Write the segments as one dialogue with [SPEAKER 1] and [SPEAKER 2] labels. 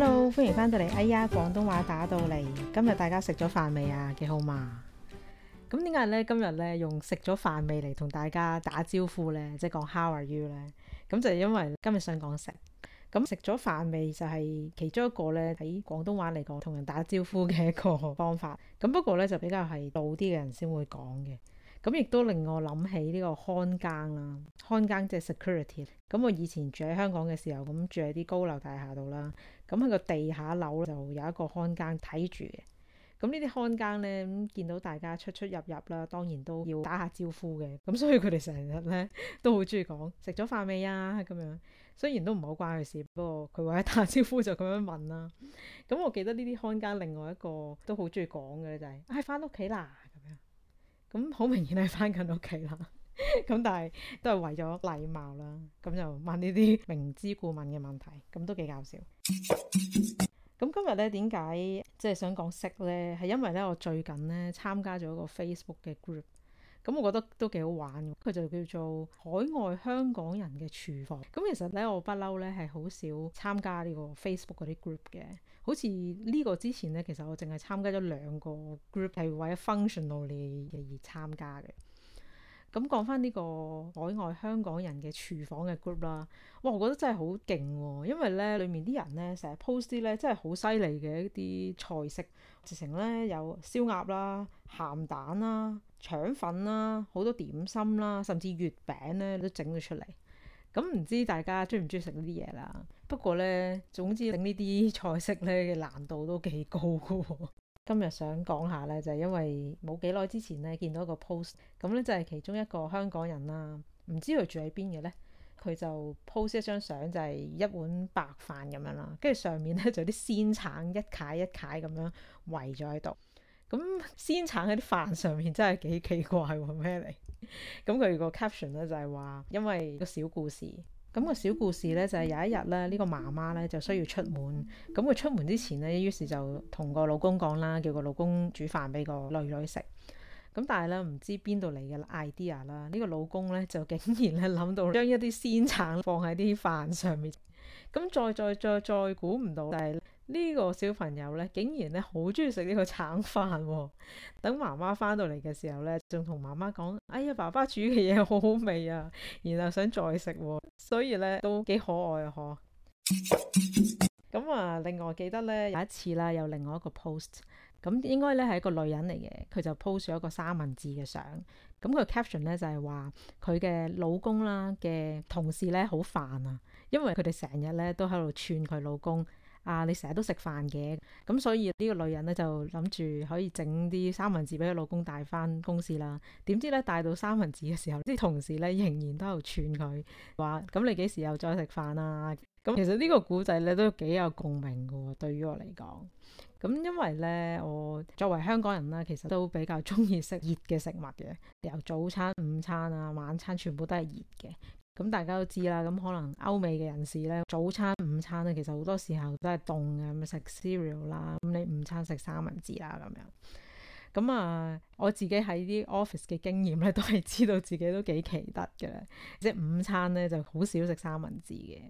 [SPEAKER 1] hello，歡迎翻到嚟。哎呀，廣東話打到嚟。今日大家食咗飯未啊？幾好嘛。咁點解咧？今日咧用食咗飯未嚟同大家打招呼咧，即係講 How are you 咧？咁就因為今日想講食。咁食咗飯未就係其中一個咧，喺廣東話嚟講，同人打招呼嘅一個方法。咁不過咧就比較係老啲嘅人先會講嘅。咁亦都令我諗起呢個看更啦，看更即係 security。咁我以前住喺香港嘅時候，咁住喺啲高樓大廈度啦。咁喺個地下樓就有一個看更睇住嘅。咁呢啲看更呢，咁、嗯、見到大家出出入入啦，當然都要打下招呼嘅。咁所以佢哋成日呢，都好中意講食咗飯未啊咁樣。雖然都唔係好關佢事，不過佢為咗打下招呼就咁樣問啦、啊。咁、嗯、我記得呢啲看更另外一個都好中意講嘅就係、是：，唉、啊，翻屋企啦咁樣。咁、嗯、好、嗯嗯嗯嗯嗯、明顯係翻緊屋企啦。咁 但係都係為咗禮貌啦，咁就問呢啲明知故問嘅問題，咁都幾搞笑。咁 今日咧，點解即係想講識咧？係因為咧，我最近咧參加咗一個 Facebook 嘅 group，咁我覺得都幾好玩。佢就叫做海外香港人嘅廚房。咁其實咧，我不嬲咧係好少參加呢個 Facebook 嗰啲 group 嘅，好似呢個之前咧，其實我淨係參加咗兩個 group，係為咗 functionally 而參加嘅。咁講翻呢個海外香港人嘅廚房嘅 group 啦，哇！我覺得真係好勁喎，因為咧，裡面啲人咧成日 post 啲咧真係好犀利嘅一啲菜式，直情咧有燒鴨啦、鹹蛋啦、腸粉啦、好多點心啦，甚至月餅咧都整咗出嚟。咁唔知大家中唔中意食呢啲嘢啦？不過咧，總之整呢啲菜式咧嘅難度都幾高㗎喎。今日想講下咧，就係因為冇幾耐之前咧見到一個 post，咁咧就係其中一個香港人啦，唔知佢住喺邊嘅咧，佢就 post 一張相，就係一碗白飯咁樣啦，跟住上面咧就啲鮮橙一攤一攤咁樣圍咗喺度，咁鮮橙喺啲飯上面真係幾奇怪喎，咩嚟？咁佢個 caption 咧就係話，因為個小故事。咁個小故事咧就係有一日咧，呢個媽媽咧就需要出門。咁佢出門之前咧，於是就同個老公講啦，叫個老公煮飯俾個女女食。咁但係咧，唔知邊度嚟嘅 idea 啦，呢個老公咧就竟然咧諗到將一啲鮮橙放喺啲飯上面。咁再再再再估唔到，就係呢個小朋友呢，竟然呢好中意食呢個橙飯。等媽媽翻到嚟嘅時候呢，仲同媽媽講：哎呀，爸爸煮嘅嘢好好味啊！然後想再食，所以呢都幾可愛嗬，咁啊， 另外記得呢，有一次啦，有另外一個 post，咁應該呢係一個女人嚟嘅，佢就 post 咗一個三文治嘅相。咁佢 caption 咧就係話佢嘅老公啦嘅同事咧好煩啊，因為佢哋成日咧都喺度串佢老公啊，你成日都食飯嘅，咁所以呢個女人咧就諗住可以整啲三文治俾佢老公帶翻公司啦。點知咧帶到三文治嘅時候，啲同事咧仍然都喺度串佢話，咁，啊，你幾時又再食飯啊？咁其實呢個古仔咧都幾有共鳴㗎喎，對於我嚟講，咁因為咧我作為香港人啦，其實都比較中意食熱嘅食物嘅，由早餐、午餐啊、晚餐全部都係熱嘅。咁大家都知啦，咁可能歐美嘅人士咧，早餐、午餐咧其實好多時候都係凍嘅，咁食 cereal 啦，咁你午餐食三文治啦咁樣。咁啊，我自己喺啲 office 嘅經驗咧，都係知道自己都幾奇得嘅，即係午餐咧就好少食三文治嘅。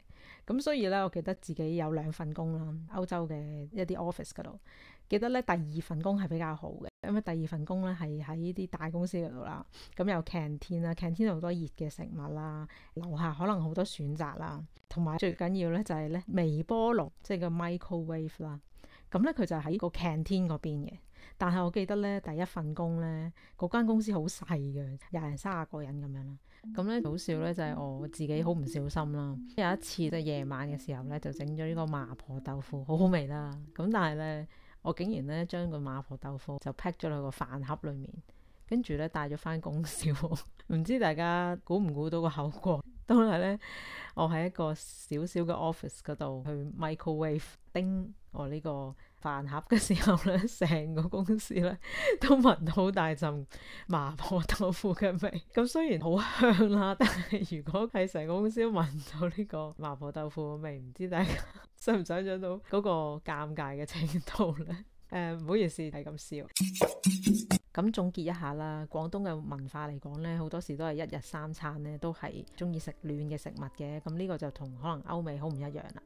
[SPEAKER 1] 咁所以咧，我記得自己有兩份工啦，歐洲嘅一啲 office 嗰度。記得咧，第二份工係比較好嘅，因為第二份工咧係喺啲大公司嗰度啦。咁有 canteen 啦，canteen 好多熱嘅食物啦，樓下可能好多選擇啦，同埋最緊要咧就係咧微波爐，即係 mic 個 microwave 啦。咁咧佢就喺個 canteen 嗰邊嘅。但係我記得咧，第一份工咧，嗰間公司好細嘅，廿人、三十個人咁樣啦。咁、嗯、咧好笑咧，就係、是、我自己好唔小心啦。有一次就夜、是、晚嘅時候咧，就整咗呢個麻婆豆腐，好好味啦。咁但係咧，我竟然咧將個麻婆豆腐就劈咗落個飯盒裡面，跟住咧帶咗翻公司。唔 知大家估唔估到個後果？都係咧，我喺一個小小嘅 office 嗰度去 microwave 叮我呢個飯盒嘅時候咧，成個公司咧都聞到好大陣麻婆豆腐嘅味。咁雖然好香啦，啊，但係如果係成個公司都聞到呢個麻婆豆腐嘅味，唔知大家 想唔想象到嗰個尷尬嘅程度咧？誒、呃，唔好意思，係咁笑。 咁總結一下啦，廣東嘅文化嚟講咧，好多時都係一日三餐咧，都係中意食暖嘅食物嘅，咁呢個就同可能歐美好唔一樣啦。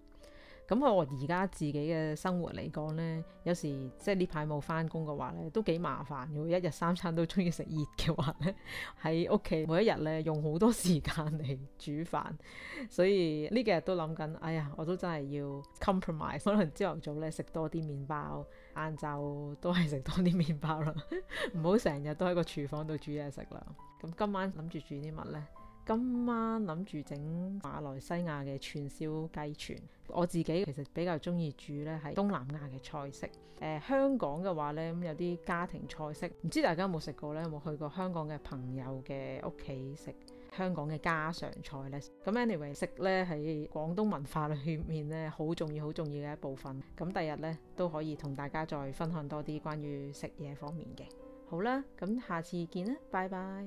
[SPEAKER 1] 咁我而家自己嘅生活嚟講呢，有時即係呢排冇翻工嘅話呢，都幾麻煩。如果一日三餐都中意食熱嘅話呢，喺屋企每一日咧用好多時間嚟煮飯，所以呢幾日都諗緊，哎呀，我都真係要 compromise，可能朝頭早咧食多啲麵包，晏晝都係食多啲麵包啦，唔好成日都喺個廚房度煮嘢食啦。咁今晚諗住煮啲乜呢？今晚諗住整馬來西亞嘅串燒雞串，我自己其實比較中意煮呢係東南亞嘅菜式。誒、呃、香港嘅話呢，咁有啲家庭菜式，唔知大家有冇食過呢？有冇去過香港嘅朋友嘅屋企食香港嘅家常菜呢？咁 anyway，食呢喺廣東文化裏面呢，好重要、好重要嘅一部分。咁第日呢，都可以同大家再分享多啲關於食嘢方面嘅。好啦，咁下次見啦，拜拜。